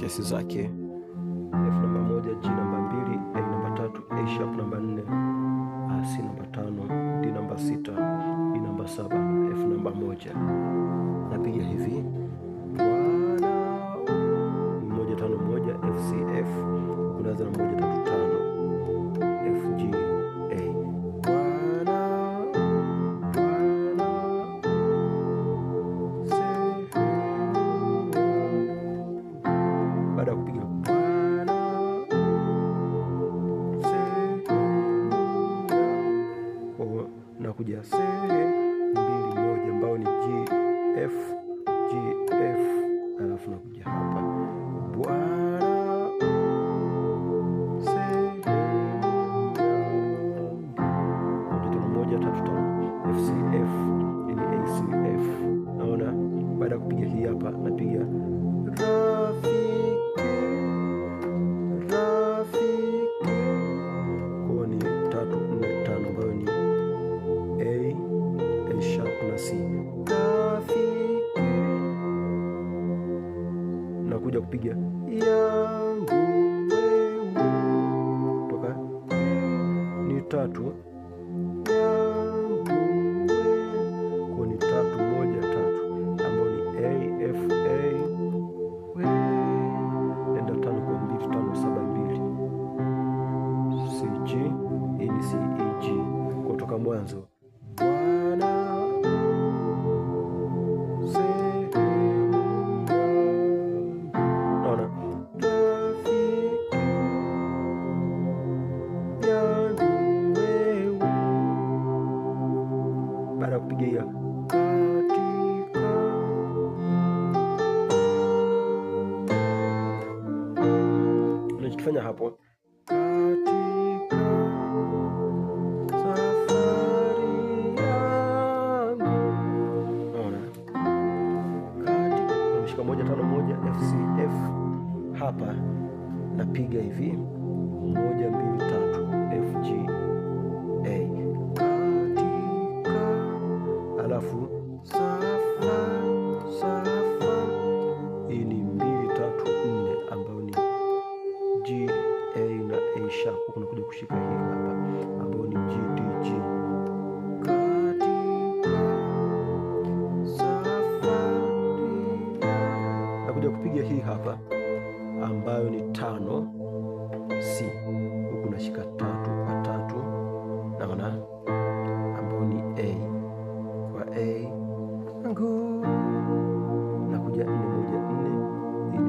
kesi zake F namba moja, G namba mbili, A namba tatu, A sharp namba nne, C namba tano, D namba sita, E namba saba, F namba moja. Napiga hivi moja tano moja, F C F unaanza na moja tatu kuja kupiga yangu wewe, toka ni tatu piga hiyo unachokifanya hapo moja tano moja FCF hapa napiga hivi moja mbili tatu FG alafu hii ni mbili tatu nne ambayo ni G A na A sharp, unakuja kushika hii hapa ambayo ni G D G. Nakuja kupiga hii hapa ambayo ni tano C, huku nashika tatu kwa tatu, naona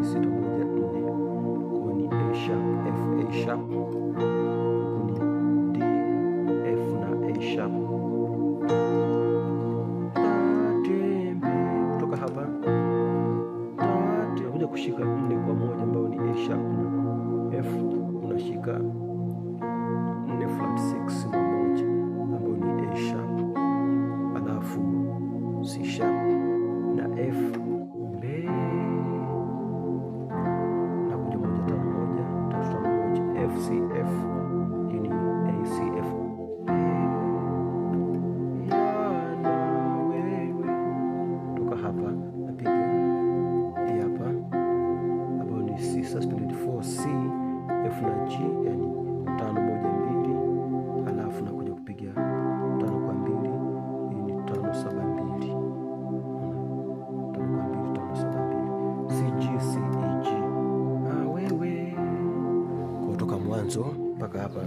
sita moja nne kuwa ni A sharp F A sharp kutoka mwanzo mpaka hapa.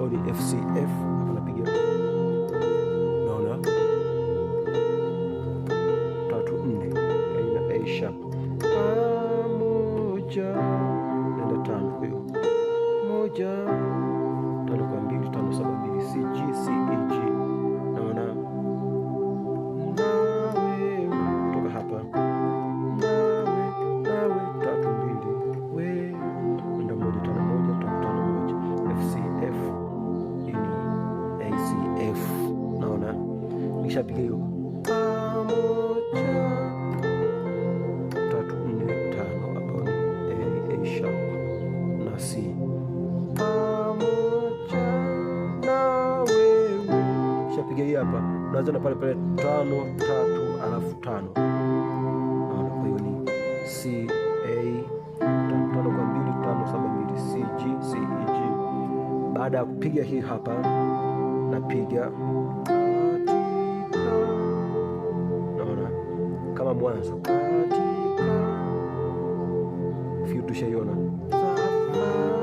or the FCF Nikishapiga hiyo tatu nne tano ni A sharp na C. Nikishapiga hii hapa, unaanza na pale pale tano tatu alafu tano. Kwa hiyo ni C A tano kwa mbili tano saba mbili C G C E G. Baada ya kupiga hii hapa, napiga wa Bwana katika, ufiutushe iona